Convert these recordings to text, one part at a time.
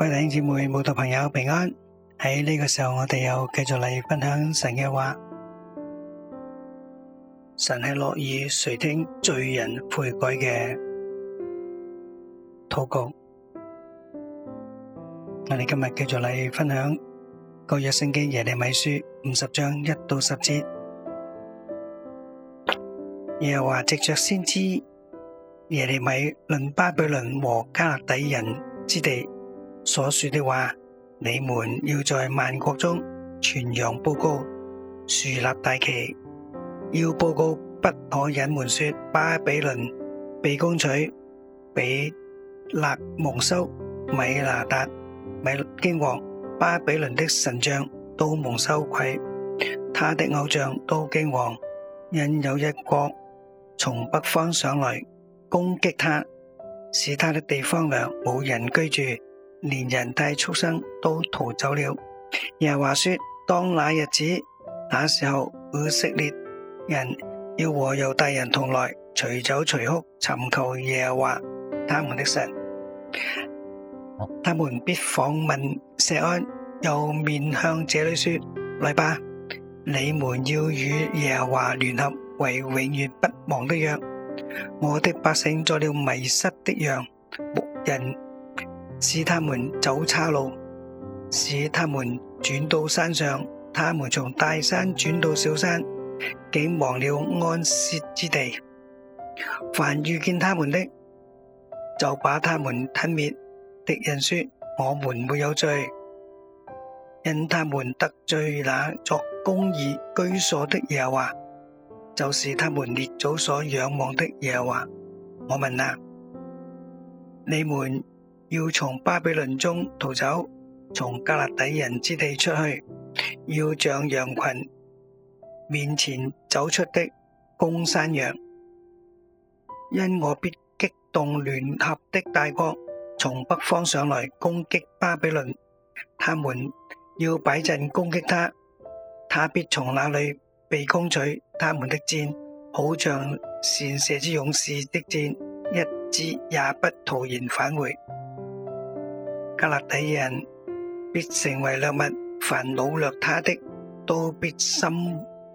各位弟兄姊妹、慕道朋友平安！喺呢個時候，我哋又繼續嚟分享神嘅話。神係樂意垂聽罪人悔改嘅禱告。我哋今日繼續嚟分享《舊約聖經耶利米書》五十章一到十節。耶和華藉着先知耶利米論巴比倫和迦勒底人之地。所說的話，你們要在萬國中傳揚報告，豎立大旗，要報告不可隱瞞，說巴比倫被攻取，彼勒蒙羞，米拿達米驚惶，巴比倫的神像都蒙羞愧，他的偶像都驚惶，因有一國從北方上來攻擊他，使他的地方涼，冇人居住。連人帶畜生都逃走了。耶和華說，當那日子，那時候，以色列人要和猶大人同來，隨走隨哭，尋求耶和華他們的神。他們必訪問錫安，又面向這裡說：來吧，你們要與耶和華聯合，為永遠不忘的約。我的百姓做了迷失的羊，牧人。使他們走岔路，使他們轉到山上，他們從大山轉到小山，竟忘了安歇之地。凡遇見他們的，就把他們吞滅。敵人說：我們沒有罪，因他們得罪那作公義居所的耶華，就是他們列祖所仰望的耶華。我問啊，你們？要從巴比倫中逃走，從加勒底人之地出去，要像羊群面前走出的公山羊。因我必激動聯合的大國，從北方上來攻擊巴比倫，他們要擺陣攻擊他，他必從那裡被攻取。他們的箭，好像善射之勇士的箭，一支也不徒然返回。加勒底人必成為掠物，凡擄掠他的，都必心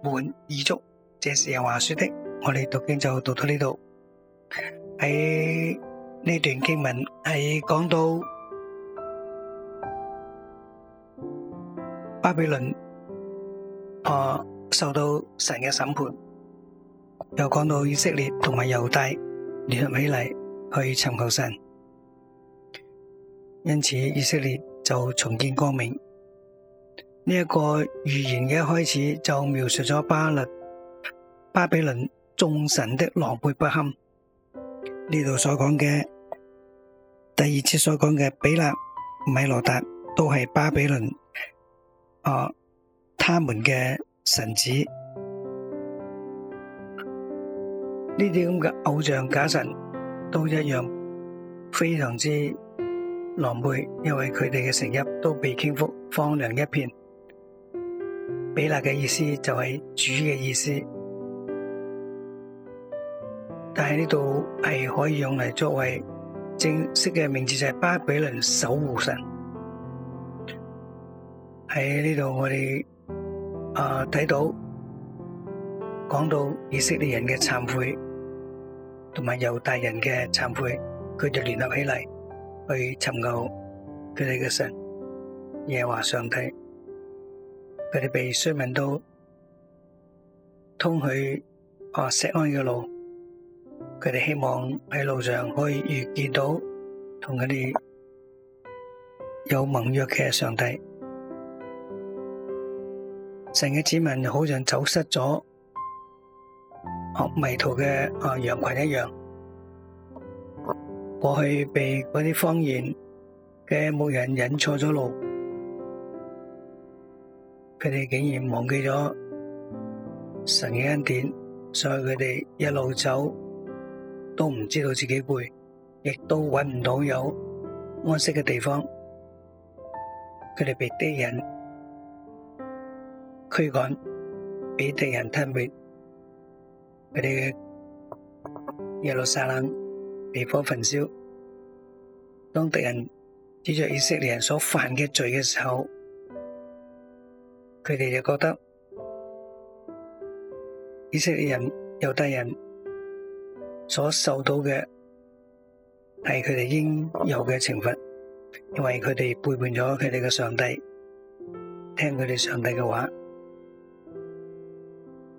滿意足。這是耶和華說的。我哋讀經就讀到呢度，喺呢段經文係講到巴比倫啊受到神嘅審判，又講到以色列同埋猶大聯合起嚟去尋求神。因此，以色列就重見光明。呢、這、一個預言嘅開始就描述咗巴勒、巴比倫眾神的狼狽不堪。呢度所講嘅第二次所講嘅比勒米羅達，都係巴比倫啊，他們嘅神子。呢啲咁嘅偶像假神都一樣，非常之。狼狽，因為佢哋嘅城邑都被傾覆，荒涼一片。比勒嘅意思就係主嘅意思，但係呢度係可以用嚟作為正式嘅名字，就係巴比倫守護神。喺呢度我哋啊睇到講到以色列人嘅懺悔，同埋猶大人嘅懺悔，佢就聯合起嚟，去尋求佢哋嘅神耶華上帝，佢哋被書民到通去啊錫安嘅路，佢哋希望喺路上可以遇見到同佢哋有盟約嘅上帝。神嘅子民好像走失咗，迷途嘅啊羊群一樣。過去被嗰啲謊言嘅牧人引錯咗路，佢哋竟然忘記咗神嘅恩典，所以佢哋一路走都唔知道自己攰，亦都搵唔到有安息嘅地方。佢哋被敵人驅趕，俾敵人吞滅。佢哋嘅耶路撒冷地火焚燒。當敵人指著以色列人所犯嘅罪嘅時候，佢哋就覺得以色列人、猶太人所受到嘅係佢哋應有嘅懲罰，因為佢哋背叛咗佢哋嘅上帝，聽佢哋上帝嘅話，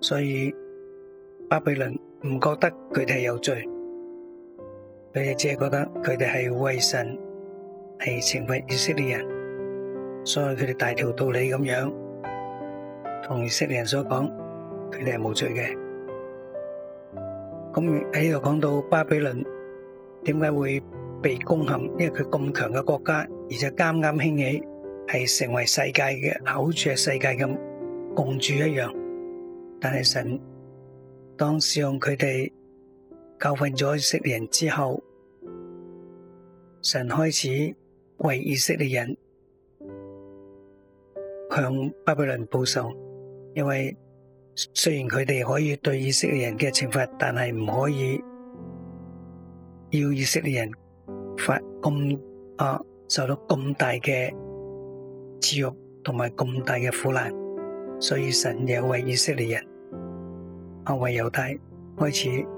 所以巴比倫唔覺得佢哋係有罪。佢哋只係覺得佢哋係為神，係懲罰以色列人，所以佢哋大條道理咁樣同以色列人所講，佢哋係無罪嘅。咁喺呢度講到巴比倫點解會被攻陷？因為佢咁強嘅國家，而且啱啱興起，係成為世界嘅口住嘅世界嘅共主一樣。但係神當使用佢哋。教訓咗以色列人之後，神開始為以色列人向巴比倫報仇，因為雖然佢哋可以對以色列人嘅懲罰，但係唔可以要以色列人發咁啊受到咁大嘅恥辱同埋咁大嘅苦難，所以神也為以色列人啊為猶太開始。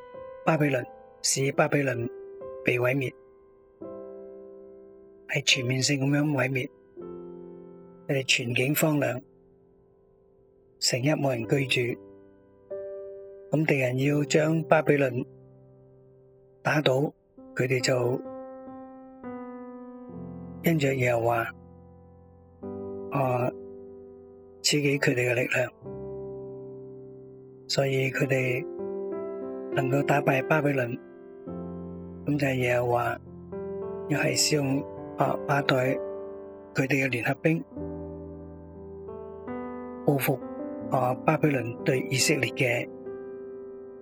巴比倫使巴比倫被毀滅，係全面性咁樣毀滅，佢哋全景荒涼，成日冇人居住。咁敵人要將巴比倫打倒，佢哋就跟着又話，啊刺激佢哋嘅力量，所以佢哋。能夠打敗巴比倫，咁就係又係話，又係使用、啊、巴八代佢哋嘅聯合兵，報復、啊、巴比倫對以色列嘅、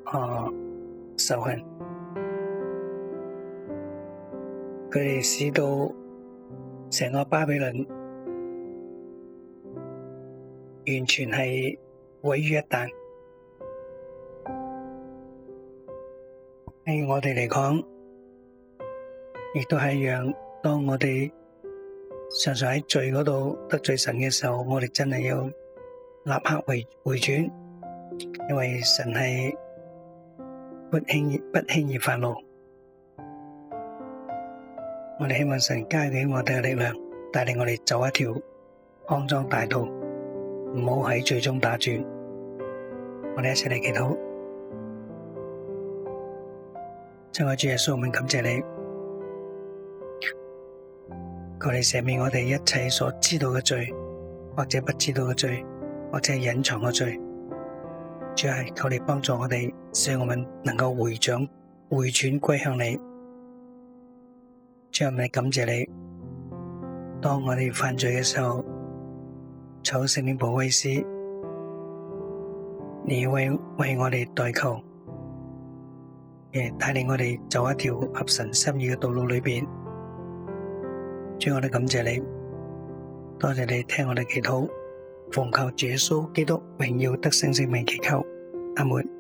啊、仇恨，佢哋使到成個巴比倫完全係毀於一旦。對我哋嚟講，亦都係一樣，當我哋常常喺罪嗰度得罪神嘅時候，我哋真係要立刻回回轉，因為神係不輕易不輕易發怒。我哋希望神加俾我哋嘅力量，帶領我哋走一條康莊大道，唔好喺最終打轉。我哋一齊嚟祈禱。親愛主耶穌，我們感謝你，求你赦免我哋一切所知道嘅罪，或者不知道嘅罪，或者隱藏嘅罪。主啊，求你幫助我哋，使我們能夠回轉、回轉歸向你。主啊，我哋感謝你，當我哋犯罪嘅時候，求聖靈保惠師，你為為我哋代求。耶！帶領我哋走一條合神心意嘅道路裏邊，最後都感謝你，多謝你聽我哋祈禱，奉靠耶穌基督榮耀得勝之名祈求，阿門。